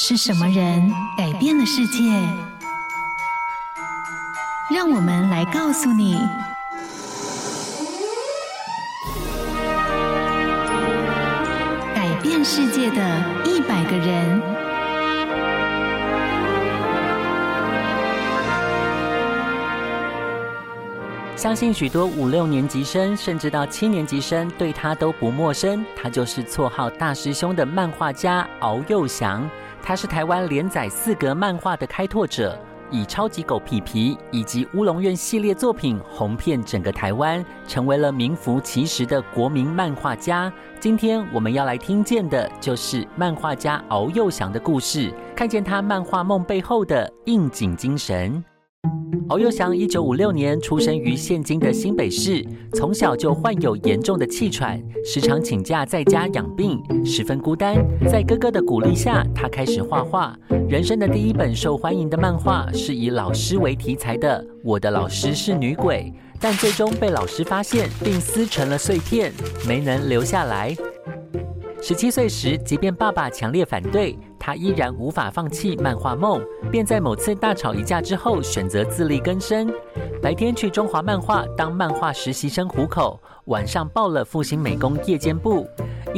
是什麼人改變了世界？讓我們來告訴你：改變世界的一百個人。相信許多五六年級生，甚至到七年級生，對他都不陌生。他就是綽號“大師兄”的漫畫家敖幼祥。他是台灣連載四格漫畫的開拓者，以超級狗皮皮以及烏龍院系列作品紅遍整個台灣，成為了名副其實的國民漫畫家。今天我們要來聽見的就是漫畫家敖幼祥的故事，看見他漫畫夢背後的應景精神。敖幼祥一九五六年出生於現今的新北市，從小就患有嚴重的氣喘，時常請假在家養病，十分孤單。在哥哥的鼓勵下，他開始畫畫。人生的第一本受歡迎的漫畫是以老師為題材的，《我的老師是女鬼》，但最終被老師發現，並撕成了碎片，沒能留下來。十七歲時，即便爸爸強烈反對，他依然無法放棄漫畫夢，便在某次大吵一架之後，選擇自力更生。白天去中華漫畫當漫畫實習生糊口，晚上報了復興美工夜間部。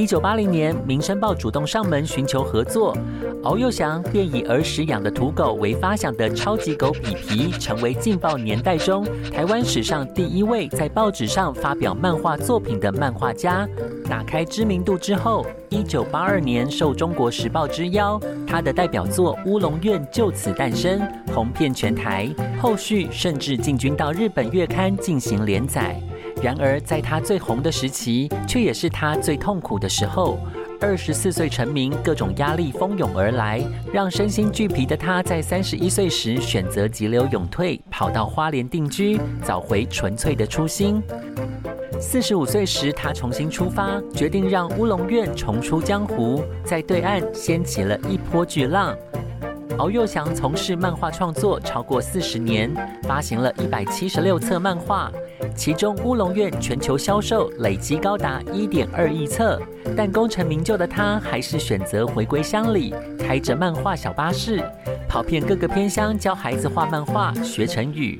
一九八零年，《民生報》主動上門尋求合作，敖幼祥便以兒時養的土狗為發想的超級狗皮皮，成為禁報年代中台灣史上第一位在報紙上發表漫畫作品的漫畫家。打開知名度之後，一九八二年受《中國時報》之邀，他的代表作《烏龍院》就此誕生，紅遍全台。後續甚至進軍到日本月刊進行連載。然而，在他最紅的時期，卻也是他最痛苦的時候。二十四歲成名，各種壓力蜂擁而來，讓身心俱疲的他在三十一歲時選擇急流勇退，跑到花蓮定居，找回純粹的初心。四十五歲時，他重新出發，決定讓烏龍院重出江湖，在對岸掀起了一波巨浪。敖幼祥從事漫畫創作超過四十年，發行了一百七十六冊漫畫，其中《烏龍院》全球銷售累計高達一點二億冊。但功成名就的他，還是選擇回歸鄉里，開着漫畫小巴士，跑遍各個偏鄉，教孩子畫漫畫、學成語。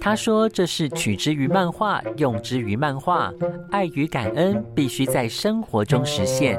他說：“這是取之於漫畫，用之於漫畫，愛與感恩必須在生活中實現。”